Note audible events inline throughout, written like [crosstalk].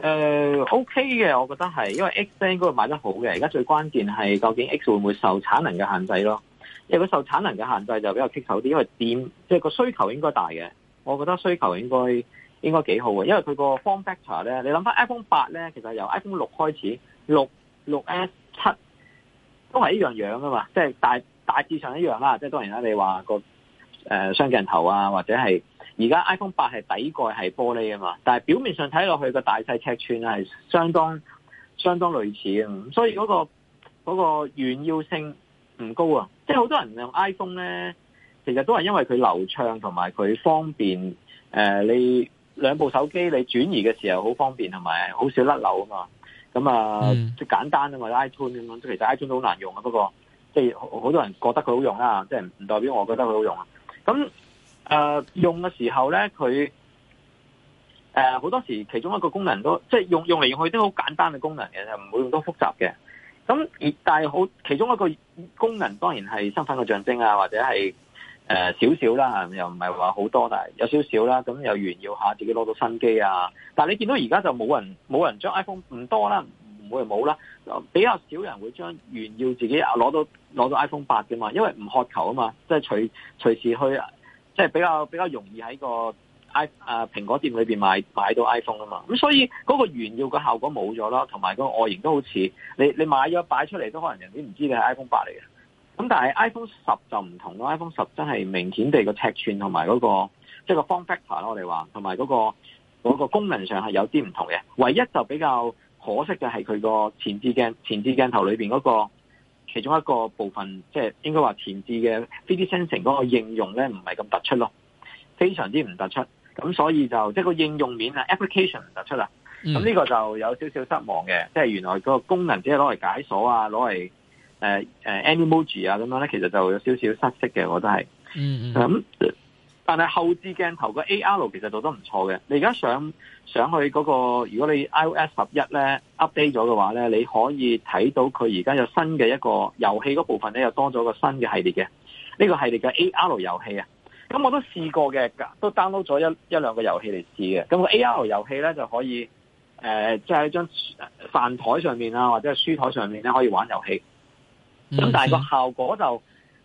誒，O K 嘅，我覺得係，因為 X 應該會賣得好嘅，而家最關鍵係究竟 X 會唔會受產能嘅限制咯？因為佢受產能嘅限制就比較棘手啲，因為店即係個需求應該大嘅，我覺得需求應該應該幾好嘅，因為佢個 form factor 咧，你諗翻 iPhone 八咧，其實由 iPhone 六開始，六六 S 七都係一樣樣噶嘛，即係大大致上一樣啦，即係當然啦，你話個誒雙鏡頭啊或者係。而家 iPhone 八係底蓋係玻璃啊嘛，但係表面上睇落去個大細尺寸係相當相當類似啊，所以嗰個嗰個炫耀性唔高啊，即係好多人用 iPhone 咧，其實都係因為佢流暢同埋佢方便，誒、呃、你兩部手機你轉移嘅時候好方便同埋好少甩漏啊嘛，咁啊、嗯、簡單啊嘛，iPhone 咁，其實 iPhone 都好難用啊，不過，即係好多人覺得佢好用啊，即係唔代表我覺得佢好用啊，咁。誒、呃，用嘅時候咧，佢誒好多時，其中一個功能都即係用用嚟，用去都好簡單嘅功能嘅，就唔會用多複雜嘅。咁但係好，其中一個功能當然係身份嘅象徵啊，或者係誒少少啦，又唔係話好多，但係有少少啦。咁又炫耀下自己攞到新機啊！但係你見到而家就冇人冇人將 iPhone 唔多啦，唔會冇啦，比較少人會將炫耀自己攞到攞到 iPhone 八嘅嘛，因為唔渴求啊嘛，即係隨隨時去。即、就、係、是、比較比較容易喺個 i 蘋果店裏面買,買到 iPhone 啊嘛，咁所以嗰個炫耀嘅效果冇咗囉。同埋嗰個外形都好似你你買咗擺出嚟都可能人哋唔知你係 iPhone 八嚟嘅，咁但係 iPhone 十就唔同咯，iPhone 十真係明顯地個尺寸同埋嗰個即係、就是、個 form factor 咯，我哋話同埋嗰個嗰個功能上係有啲唔同嘅，唯一就比較可惜嘅係佢個前置鏡前置鏡頭裏面嗰、那個。其中一個部分，即係應該話前置嘅 3D Sensing 嗰個應用咧，唔係咁突出咯，非常之唔突出。咁所以就即係個應用面啊，application 唔突出啦。咁呢個就有少少失望嘅，即係原來個功能只係攞嚟解鎖啊，攞嚟、呃、Animoji 啊咁樣咧，其實就有少少失色嘅，我覺得係。嗯嗯。嗯。但係後置鏡頭個 A.R. 其實做得唔錯嘅。你而家上上去嗰個，如果你 iOS 十一咧 update 咗嘅話咧，你可以睇到佢而家有新嘅一個遊戲嗰部分咧，又多咗個新嘅系列嘅。呢個系列嘅 A.R. 遊戲啊，咁我都試過嘅，都 download 咗一一兩個遊戲嚟試嘅。咁個 A.R. 遊戲咧就可以，誒、呃，即係喺張飯台上面啊，或者係書台上面咧，可以玩遊戲。咁、嗯、但係個效果就。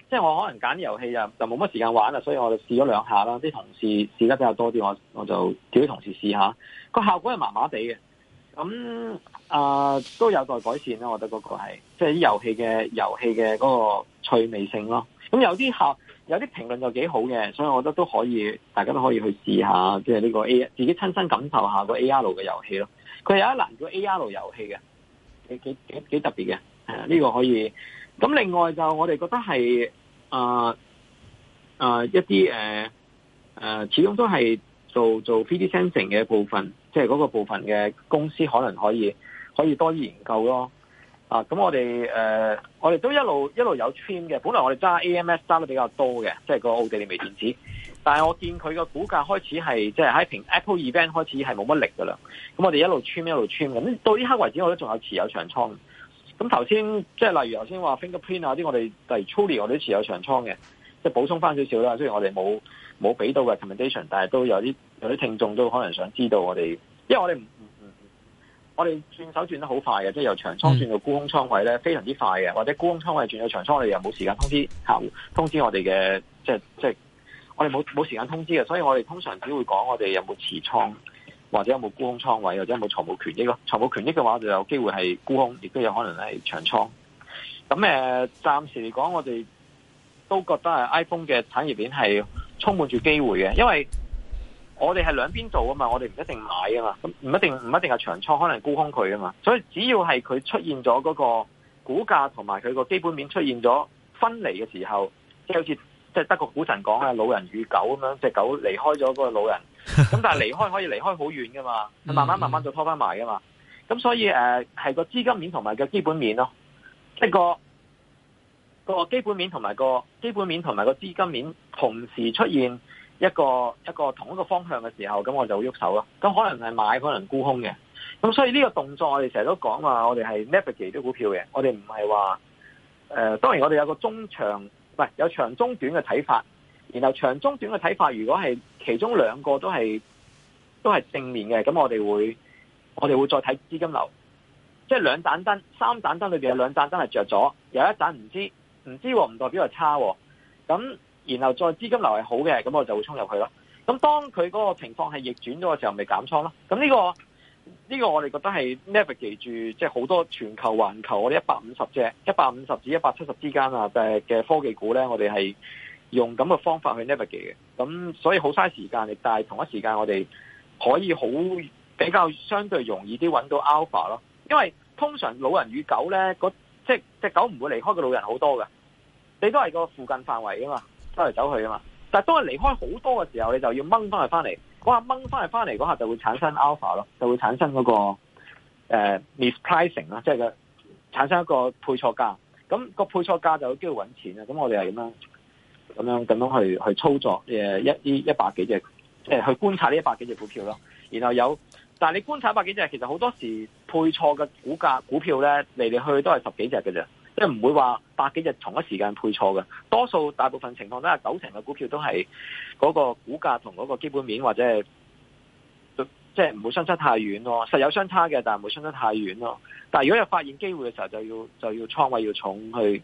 即係我可能揀啲遊戲呀就冇乜時間玩啦，所以我就試咗兩下啦。啲同事試得比較多啲，我我就叫啲同事試下。個效果係麻麻地嘅，咁啊都有待改善啦。我覺得嗰個係即係啲遊戲嘅遊戲嘅嗰個趣味性咯。咁有啲效有啲評論就幾好嘅，所以我覺得都可以，大家都可以去試下，即係呢個 A，自己親身感受下個 A R 嘅遊戲咯。佢有一欄叫 A R 遊戲嘅，幾幾幾特別嘅，呢個可以。咁另外就我哋覺得係。啊、呃、啊、呃、一啲誒誒，始終都係做做 three D sensing 嘅部分，即係嗰個部分嘅公司，可能可以可以多研究咯。啊，咁我哋誒、呃，我哋都一路一路有 trim 嘅。本來我哋揸 AMS 揸得比較多嘅，即係個奧地利微電子。但係我見佢個股價開始係即係喺 Apple event 開始係冇乜力噶啦。咁我哋一路 trim 一路 trim 咁，到呢刻為止我都仲有持有長倉。咁頭先即係例如頭先話 fingerprint 啊啲，我哋例如 Truly，我哋都持有長倉嘅，即係補充翻少少啦。雖然我哋冇冇俾到嘅 recommendation，但係都有啲有啲聽眾都可能想知道我哋，因為我哋唔唔唔我哋轉手轉得好快嘅，即係由長倉轉到沽空倉位咧，非常之快嘅。或者沽空倉位轉去長倉，我哋又冇時間通知客戶，通知我哋嘅即係即係我哋冇冇時間通知嘅，所以我哋通常只會講我哋有冇持倉。或者有冇沽空倉位，或者有冇財務權益咯？財務權益嘅話就有機會係沽空，亦都有可能係長倉，咁誒暫時嚟講我哋都覺得係 iPhone 嘅產業鏈係充滿住機會嘅，因為我哋係兩邊做啊嘛，我哋唔一定買啊嘛，咁唔一定唔一定係長倉，可能係沽空佢啊嘛。所以只要係佢出現咗嗰個股價同埋佢個基本面出現咗分離嘅時候，即係好似即係德國股神講嘅老人與狗咁樣隻狗離開咗個老人。咁 [laughs] 但係離開可以離開好遠噶嘛，慢慢慢慢就拖翻埋噶嘛，咁所以誒係個資金面同埋個，個基本面咯，一個個基本面同埋個基本面同埋個資金面同時出現一個一個同一個方向嘅時候，咁我就會喐手咯，咁可能係買，可能沽空嘅，咁所以呢個動作我哋成日都講話我哋係 navigate 啲股票嘅，我哋唔係話誒，當然我哋有個中長唔係有長中短嘅睇法。然後長中短嘅睇法，如果係其中兩個都係都係正面嘅，咁我哋會我哋會再睇資金流，即係兩盞燈、三盞燈裏邊有兩盞燈係着咗，有一盞唔知唔知唔代表係差，咁然後再資金流係好嘅，咁我就會衝入去咯。咁當佢嗰個情況係逆轉咗嘅時候，咪減倉咯。咁呢個呢個我哋覺得係 navigate 住，即係好多全球環球我哋一百五十隻、一百五十至一百七十之間啊嘅嘅科技股咧，我哋係。用咁嘅方法去 navigate 嘅，咁所以好嘥時間嘅。但係同一時間，我哋可以好比較相對容易啲揾到 alpha 咯。因為通常老人與狗咧，嗰即係隻狗唔會離開個老人好多嘅。你都係個附近範圍啊嘛，周圍走去啊嘛。但係當佢離開好多嘅時候，你就要掹翻去翻嚟。下掹翻去翻嚟嗰下就會產生 alpha 咯，就會產生嗰個、呃、mispricing 啦，即係個產生一個配錯價。咁個配錯價就有機會揾錢啊。咁我哋係咁樣。咁樣咁樣去去操作一，誒一啲一百幾隻，即係去觀察呢一百幾隻股票咯。然後有，但係你觀察一百幾隻，其實好多時配錯嘅股價股票咧嚟嚟去都係十幾隻嘅啫，即係唔會話百幾隻同一時間配錯嘅。多數大部分情況都係九成嘅股票都係嗰個股價同嗰個基本面或者係，即係唔會相差太遠咯。實有相差嘅，但係唔會相差太遠咯。但係如果有發現機會嘅時候，就要就要倉位要重去，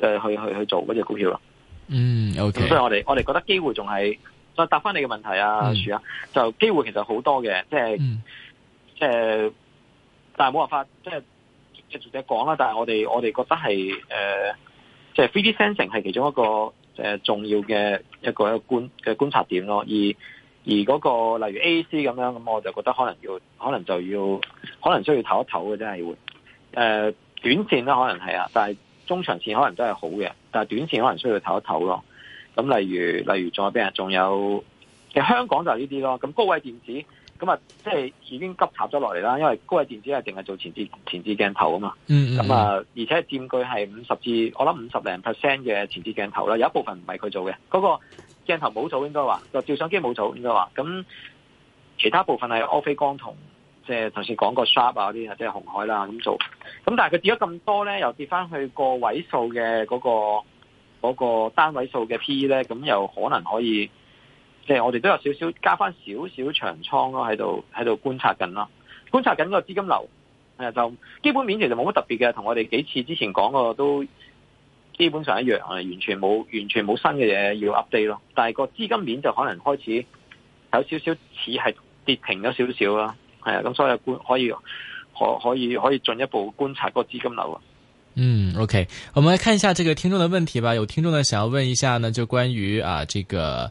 誒去去去做嗰隻股票啦。嗯，OK。所以我哋我哋覺得機會仲係，再答翻你嘅問題啊，樹、mm. 啊，就機會其實好多嘅，即係即係，但係冇辦法，即係直接講啦。但係我哋我哋覺得係誒，即係 three D sensing 係其中一個誒、呃、重要嘅一個一個觀嘅觀察點咯。而而嗰、那個例如 AAC 咁樣，咁、嗯、我就覺得可能要，可能就要，可能需要唞一唞嘅啫，會、呃、誒短線啦、啊，可能係啊，但係。中長線可能都係好嘅，但係短線可能需要唞一唞咯。咁例如，例如仲有邊啊，仲有其實香港就係呢啲咯。咁高偉電子咁啊，即係已經急插咗落嚟啦。因為高偉電子係淨係做前置前置鏡頭啊嘛。嗯咁啊，而且佔據係五十至我諗五十零 percent 嘅前置鏡頭啦。有一部分唔係佢做嘅，嗰、嗰個鏡頭冇做應該話，就照相機冇做應該話。咁其他部分係歐菲光同。即係頭先講過 Sharp 啊，嗰啲啊，即係鴻海啦咁做。咁但係佢跌咗咁多咧，又跌翻去個位數嘅嗰個嗰個單位數嘅 P/E 呢，咧，咁又可能可以即係我哋都有少少加翻少少長倉咯，喺度喺度觀察緊咯。觀察緊個資金流誒，就基本面其實冇乜特別嘅，同我哋幾次之前講過都基本上一樣啊，完全冇完全冇新嘅嘢要 update 咯。但係個資金面就可能開始有少少似係跌停咗少少啦。係、嗯、啊，咁所以觀可以可可以可以進一步觀察個資金流啊。嗯，OK，我們來看一下這個聽眾的問題吧。有聽眾呢想要問一下呢，就關於啊這個。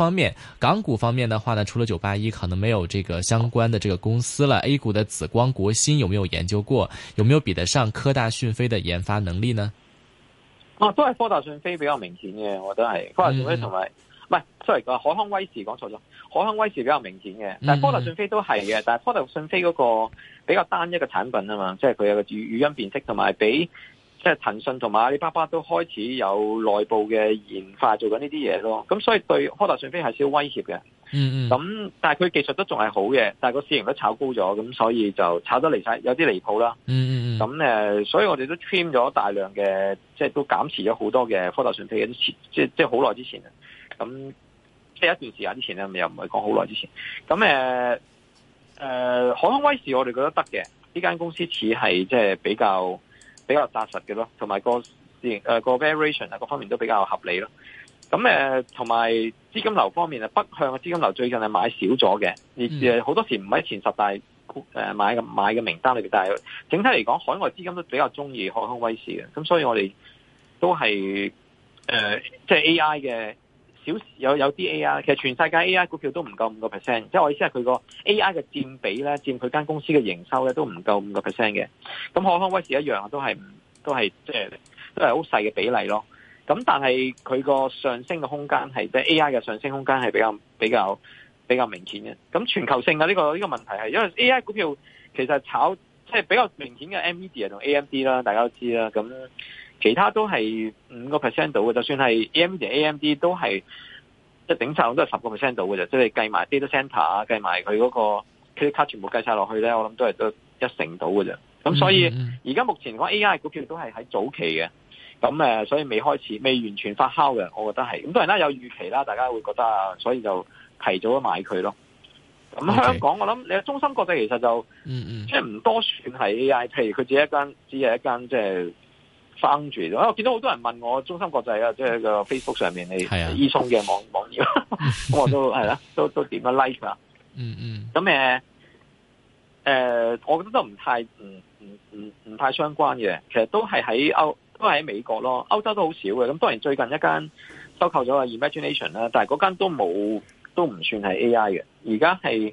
方面，港股方面的話呢，除了九八一，可能沒有這個相關的這個公司了。A 股的紫光、國芯有沒有研究過？有沒有比得上科大訊飛的研發能力呢？哦、啊，都係科大訊飛比較明顯嘅，我覺得係科大訊飛同埋，唔係 sorry，講海康威視講錯咗，海康威視比較明顯嘅，但係科大訊飛都係嘅、嗯，但係科大訊飛嗰個比較單一嘅產品啊嘛，即係佢有個語語音辨識，同埋比。即係騰訊同埋阿里巴巴都開始有內部嘅研發做緊呢啲嘢咯，咁所以對科大訊飛係少威脅嘅。嗯嗯。咁但係佢技術都仲係好嘅，但係個市盈率炒高咗，咁所以就炒得離晒，有啲離譜啦。嗯嗯咁誒，所以我哋都 trim 咗大量嘅，即係都減持咗好多嘅科大訊飛嘅，即即係好耐之前啊。咁即係一段時間之前啊，又唔係講好耐之前。咁誒誒，海康威視我哋覺得得嘅，呢間公司似係即係比較。比較扎實嘅咯，同埋個市誒、呃、個 variation 啊，各方面都比較合理咯。咁誒，同埋資金流方面啊，北向嘅資金流最近係買少咗嘅，而誒好多時唔喺前十大誒、呃、買嘅買嘅名單裏邊，但係整體嚟講，海外資金都比較中意海康威視嘅，咁所以我哋都係誒即係 AI 嘅。有有有啲 A.I.，其實全世界 A.I. 股票都唔夠五個 percent，即係我意思係佢個 A.I. 嘅佔比咧，佔佢間公司嘅營收咧都唔夠五個 percent 嘅。咁海康威視一樣都係唔都係即係都係好細嘅比例咯。咁但係佢個上升嘅空間係即係 A.I. 嘅上升空間係比較比較比較明顯嘅。咁全球性啊呢、呢個呢、呢個問題係因為 A.I. 股票其實炒即係比較明顯嘅 NVIDIA 同 A.M.D. 啦，大家都知啦咁。其他都係五個 percent 到嘅，就算係 AMD、AMD 都係即係頂上都係十個 percent 到嘅啫。即係計埋 data centre 啊，計埋佢嗰個 card 全部計曬落去咧，我諗都係都一成到嘅啫。咁所以而家目前講 AI 股票都係喺早期嘅，咁誒所以未開始、未完全發酵嘅，我覺得係咁多人啦有預期啦，大家會覺得啊，所以就提早咗買佢咯。咁香港、okay。我諗你中芯國際其實就、mm -hmm. 即係唔多算係 AI，譬如佢只一間，只係一間即係。住啊！我見到好多人問我中芯國際啊，即係個 Facebook 上面係伊聰嘅網網頁咁、啊、 [laughs] 我都係啦、啊，都都點咗 like 啦。嗯嗯。咁誒誒，我覺得都唔太唔唔唔唔太相關嘅。其實都係喺歐都係喺美國咯，歐洲都好少嘅。咁當然最近一間收購咗個 Imagination 啦，但係嗰間都冇，都唔算係 AI 嘅。而家係。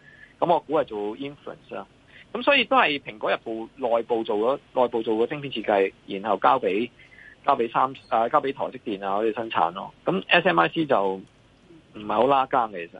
咁我估係做 influence 啦、啊，咁所以都係蘋果入部內部做咗內部做個晶片設計，然後交俾交俾三誒、啊、交俾台積電啊嗰啲生產咯、啊，咁 SMIC 就唔係好拉更嘅其實。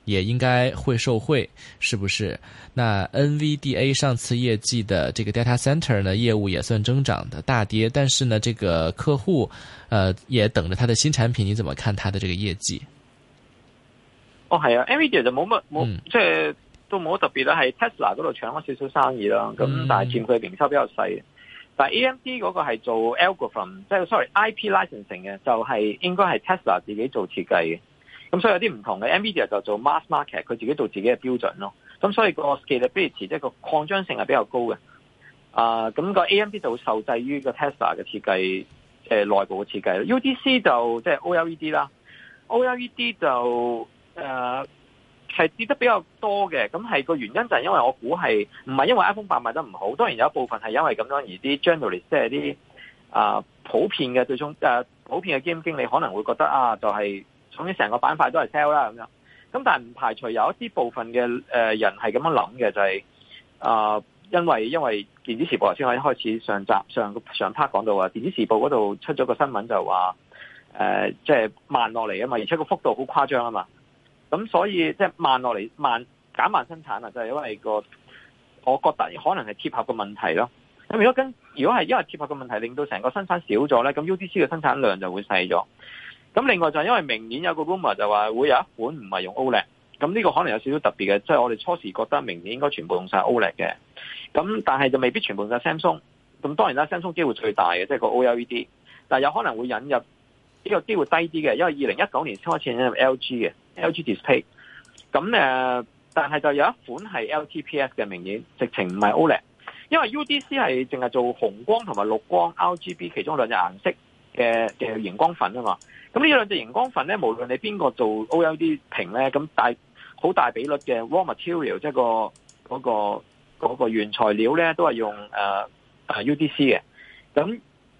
也應該會受惠，是不是？那 NVDA 上次業績的這個 data center 呢業務也算增長的大跌，但是呢，這個客戶呃也等着他的新產品，你怎麼看他的這個業績？哦，係啊，NVIDIA 就冇乜冇，即係都冇特別咯，係 Tesla 嗰度搶咗少少生意啦。咁但係佔佢嘅營收比較細、嗯。但 AMD 嗰個係做 algorithm，即、就、係、是、sorry IP licensing 嘅，就係、是、應該係 Tesla 自己做設計嘅。咁所以有啲唔同嘅，Nvidia 就做 mass market，佢自己做自己嘅標準咯。咁所以個 scale 比以前即係個擴張性係比較高嘅。啊、呃，咁、那個 a m d 就受制於個 Tesla 嘅設計，誒、呃、內部嘅設計咯 UDC 就即係、就是、OLED 啦，OLED 就誒係、呃、跌得比較多嘅。咁係個原因就係因為我估係唔係因為 iPhone 八賣得唔好，當然有一部分係因為咁樣而，而啲 journalist 即係啲啊普遍嘅最終、呃、普遍嘅基金經理可能會覺得啊，就係、是。總之成個板塊都係 sell 啦咁樣，咁但係唔排除有一啲部分嘅人係咁樣諗嘅，就係、是、啊、呃，因為因為電子時報先我一開始上集上上 part 講到啊，電子時報嗰度出咗個新聞就話誒，即、呃、係、就是、慢落嚟啊嘛，而且個幅度好誇張啊嘛，咁所以即係、就是、慢落嚟慢減慢生產啊，就係、是、因為、那個我覺得可能係貼合嘅問題咯。咁如果跟如果係因為貼合嘅問題令到成個生產少咗咧，咁 U D C 嘅生產量就會細咗。咁另外就因為明年有個 rumor 就話會有一款唔係用 OLED，咁呢個可能有少少特別嘅，即、就、係、是、我哋初時覺得明年應該全部用曬 OLED 嘅，咁但係就未必全部用曬 Samsung，咁當然啦 Samsung 機會最大嘅，即、就、係、是、個 OLED，但係有可能會引入呢、這個機會低啲嘅，因為二零一九年先開始引入 LG 嘅 LG Display，咁誒，但係就有一款係 LTPS 嘅，明年直情唔係 OLED，因為 UDC 係淨係做紅光同埋綠光 RGB 其中兩隻顏色嘅嘅光粉啊嘛。咁呢兩隻熒光粉咧，無論你邊個做 OLED 屏咧，咁大好大比率嘅 raw material 即係、嗰個嗰、嗰個嗰、嗰個原材料咧，都係用、呃呃、UDC 嘅。咁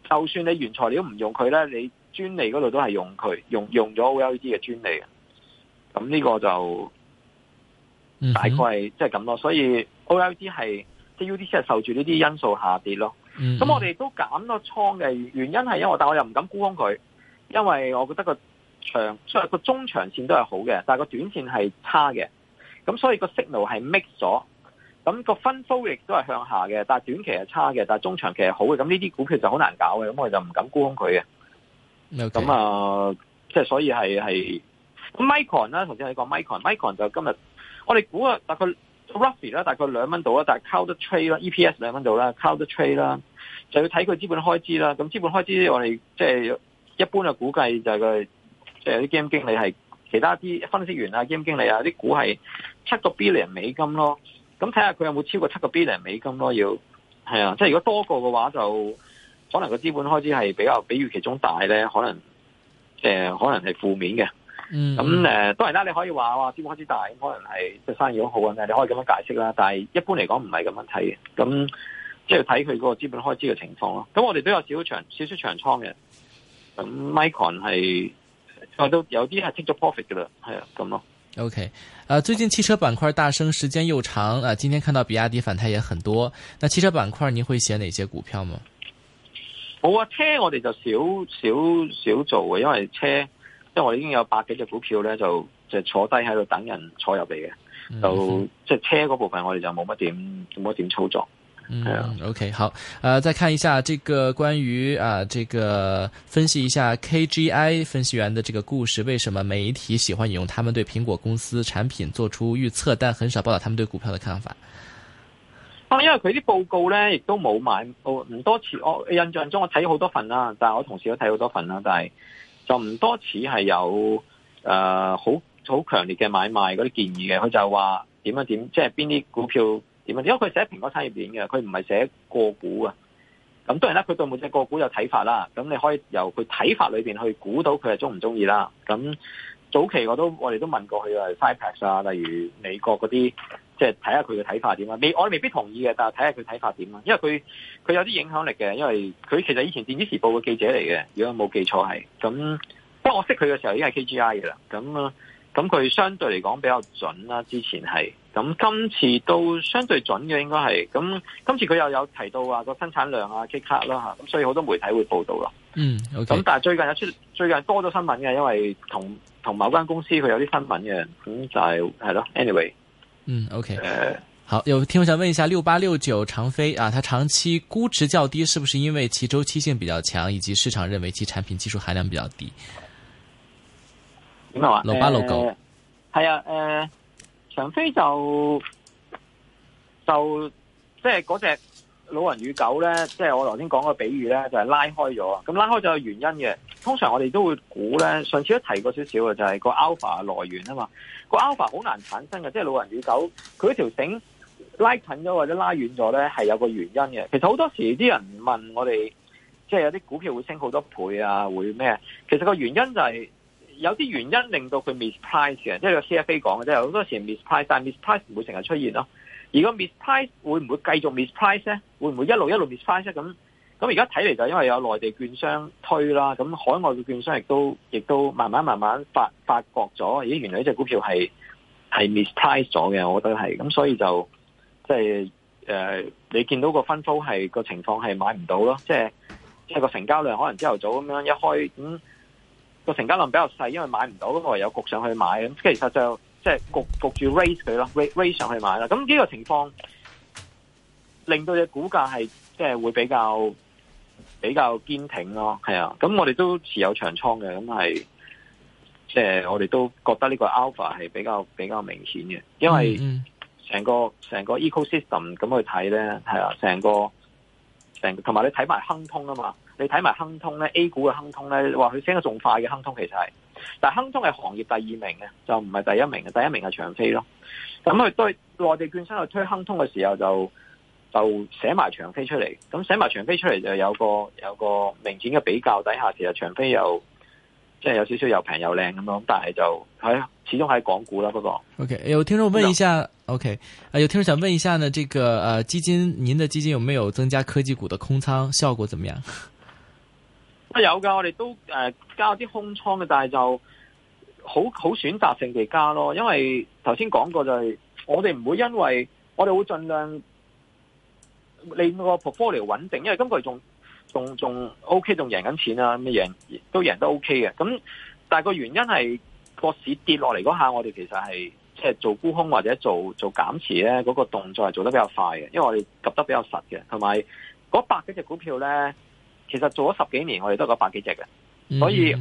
就算你原材料唔用佢咧，你專利嗰度都係用佢，用用咗 OLED 嘅專利。咁呢個就大概即係咁咯。所以 OLED 係即係 UDC 係受住呢啲因素下跌咯。咁、嗯嗯、我哋都減咗倉嘅原因係因為，但我又唔敢沽空佢。因為我覺得個長，所以個中長線都係好嘅，但個短線係差嘅，咁所以個 signal 係 mix 咗，咁、個分 flow 亦都係向下嘅，但係短期係差嘅，但係中長期係好嘅，咁呢啲股票就好難搞嘅，咁我哋就唔敢沽空佢嘅。咁、okay。啊，即、呃、係所以係係咁。Micron 啦，頭先你講 Micron，Micron 就今日我哋估啊，大概 Ruffy 啦，roughly, 大概兩蚊到啦，但 Call the Trade 啦，E P S 兩蚊到啦 Call the Trade 啦、嗯，就要睇佢資本開支啦，咁資本開支我哋即係。一般嘅估計就係佢即係啲基金經理係其他啲分析員啊、基金經理啊啲股係七個 billion 美金咯，咁睇下佢有冇超過七個 billion 美金咯，要係啊，即係如果多過嘅話，就可能個資本開支係比較比預期中大咧，可能即、呃、可能係負面嘅。咁、嗯、誒、嗯，當然啦，你可以話哇資本開支大，可能係即生意好好啊，你可以咁樣解釋啦。但係一般嚟講唔係咁樣睇嘅，咁即係睇佢嗰個資本開支嘅情況咯。咁我哋都有少長少少長倉嘅。咁 Micron，係我都有啲係 take 咗 profit 嘅啦，係啊，咁咯。OK，啊，最近汽車板塊大升時間又長，啊，今天看到比亞迪反彈也很多。那汽車板塊你會選哪些股票嗎？冇啊，車我哋就少少少做嘅，因為車因為我哋已經有百幾隻股票咧，就即坐低喺度等人坐入嚟嘅，mm -hmm. 就即係車嗰部分我哋就冇乜點冇乜點操作。嗯，OK，好，誒、呃，再看一下這個關於啊、呃，這個分析一下 KGI 分析員的這個故事，為什麼媒體喜歡引用他們對蘋果公司產品做出預測，但很少報道他們對股票的看法？啊、因為佢啲報告咧，亦都冇買唔、哦、多次。我印象中我睇好多份啦、啊，但係我同事都睇好多份啦、啊，但係就唔多次係有誒好好強烈嘅買賣嗰啲建議嘅。佢就話點樣點，即係邊啲股票。點啊？因為佢寫喺蘋果產業鏈嘅，佢唔係寫個股啊。咁當然啦，佢對每隻個股有睇法啦。咁你可以由佢睇法裏邊去估到佢係中唔中意啦。咁早期我都我哋都問過佢啊，Five Pax 啊，例如美國嗰啲，即係睇下佢嘅睇法點啊。未我未必同意嘅，但係睇下佢睇法點啊。因為佢佢有啲影響力嘅，因為佢其實以前《電子時報》嘅記者嚟嘅，如果冇記錯係。咁不過我識佢嘅時候已經係 KGI 嘅啦。咁啊，咁佢相對嚟講比較準啦。之前係。咁今次都相對準嘅，應該係咁。今次佢又有提到話、啊、個生產量啊、即卡啦吓，咁所以好多媒體會報道咯。嗯、好、okay。咁但係最近有出，最近多咗新聞嘅，因為同同某間公司佢有啲新聞嘅，咁、嗯、就係係咯。Anyway，嗯，OK。誒，好有聽，我想問一下六八六九長飛啊，它長期估值較低，是不是因為其周期性比較強，以及市場認為其產品技術含量比較低？點啊話？六八六九係、呃、啊、誒、呃。常飛就就即係嗰隻老人與狗咧，即係我頭先講個比喻咧，就係拉開咗啊！咁拉開咗嘅原因嘅，通常我哋都會估咧。上次都提過少少嘅，就係個 alpha 來源啊嘛。個 alpha 好難產生嘅，即係老人與狗，佢條繩拉近咗或者拉遠咗咧，係有個原因嘅。其實好多時啲人問我哋，即係有啲股票會升好多倍啊，會咩？其實個原因就係。有啲原因令到佢 misprice 嘅，即係個 CFA 講嘅，即係好多時 misprice，但 misprice 唔會成日出現咯。如果 misprice 會唔會繼續 misprice 咧？會唔會一路一路 misprice？咁咁而家睇嚟，就因為有內地券商推啦，咁海外嘅券商亦都亦都慢慢慢慢發發覺咗，咦？原來呢隻股票係係 misprice 咗嘅，我覺得係咁，所以就即係誒，你見到個分幅係個情況係買唔到咯，即係即係個成交量可能朝頭早咁樣一開咁。嗯個成交量比較細，因為買唔到咁我唯有焗上去買咁，即其實就即係焗焗住 raise 佢咯，raise raise 上去買啦。咁呢個情況令到隻股價係即係會比較比較堅挺咯，係啊。咁我哋都持有長倉嘅，咁係即係我哋都覺得呢個 alpha 係比較比較明顯嘅，因為成個成個 ecosystem 咁去睇咧，係啊，成個成同埋你睇埋亨通啊嘛。你睇埋亨通咧，A 股嘅亨通咧，話佢升得仲快嘅亨通其實係，但係亨通係行業第二名嘅，就唔係第一名嘅，第一名係長飛咯。咁佢對內地券商去推亨通嘅時候就，就就寫埋長飛出嚟，咁寫埋長飛出嚟就有個有個明顯嘅比較底下，其實長飛又即係有少少又平又靚咁樣，但係就喺始終喺港股啦，不過。OK，有聽眾問一下，O K，啊有聽眾想問一下呢，這個呃基金，您的基金有沒有增加科技股嘅空倉？效果怎麼樣？啊、有噶，我哋都誒、呃、加啲空倉嘅，但係就好好選擇性地加咯。因為頭先講過就係、係、我哋唔會因為我哋會盡量，會盡量令個 portfolio 穩定，因為今個仲仲仲 O K，仲贏緊錢啊，咁嘅都贏得 O K 嘅。咁但係個原因係個市跌落嚟嗰下，我哋其實係即係做沽空或者做做減持咧，嗰、嗰個動作係做得比較快嘅，因為我哋執得比較實嘅，同埋嗰百幾隻股票咧。其實做咗十幾年，我哋都係嗰百幾隻嘅，所以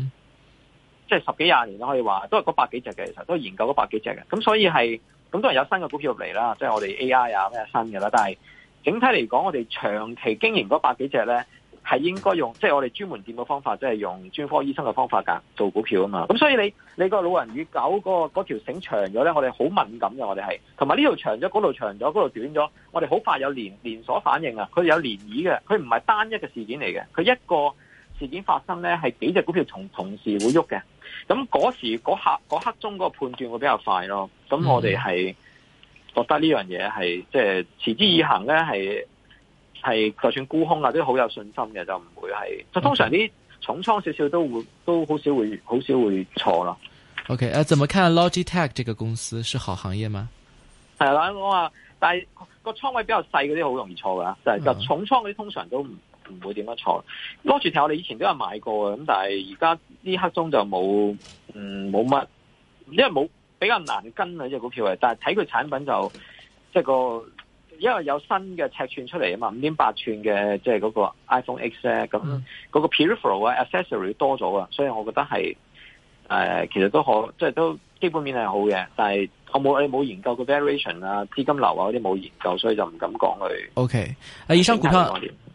即係、就是、十幾廿年都可以話都係嗰百幾隻嘅。其實都係研究嗰百幾隻嘅，咁所以係咁當然有新嘅股票入嚟啦，即、就、係、是、我哋 AI 啊咩新嘅啦。但係整體嚟講，我哋長期經營嗰百幾隻咧。係應該用，即係我哋專門店嘅方法，即係用專科醫生嘅方法噶，做股票啊嘛。咁所以你你個老人與狗個嗰條繩長咗咧，我哋好敏感嘅，我哋係同埋呢度長咗，嗰度長咗，嗰度短咗，我哋好快有連連鎖反應啊！佢有漣漪嘅，佢唔係單一嘅事件嚟嘅，佢一個事件發生咧，係幾隻股票同同時會喐嘅。咁嗰時嗰刻嗰刻鐘嗰個判斷會比較快咯。咁我哋係覺得呢樣嘢係即係持之以恆咧，係。係就算沽空啊，都好有信心嘅，就唔會係。就通常啲重倉少少都會、okay. 都好少會好少會錯咯。OK，啊，怎麼看 Logitech 呢個公司是好行業嗎？係啦，我話，但係、個倉位比較細嗰啲好容易錯噶、嗯，就就是、重倉嗰啲通常都唔唔會點樣錯。Logitech 我哋以前都有買過咁，但係而家呢刻鐘就冇，嗯，冇乜，因為冇比較難跟啊隻股票係，但係睇佢產品就即係、個。因為有新嘅尺寸出嚟啊嘛，五點八寸嘅，即係嗰個 iPhone X 咧，咁嗰個 Peripheral 啊、Accessory 多咗啊、嗯，所以我覺得係誒、呃，其實都可，即、就、係、是、都基本面係好嘅，但係我冇你冇研究個 Variation 啊、資金流啊嗰啲冇研究，所以就唔敢講佢。O、okay. K，啊，以上股票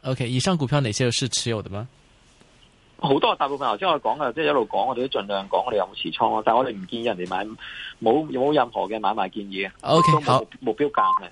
，O、okay. K，以上股票哪些是持有的嗎？好多，大部分頭先我講嘅，即、就、係、是、一路講，我哋都盡量講我哋有冇持倉啊？但係我哋唔建議人哋買，冇冇任何嘅買賣建議啊。O、okay, K，目標價嘅。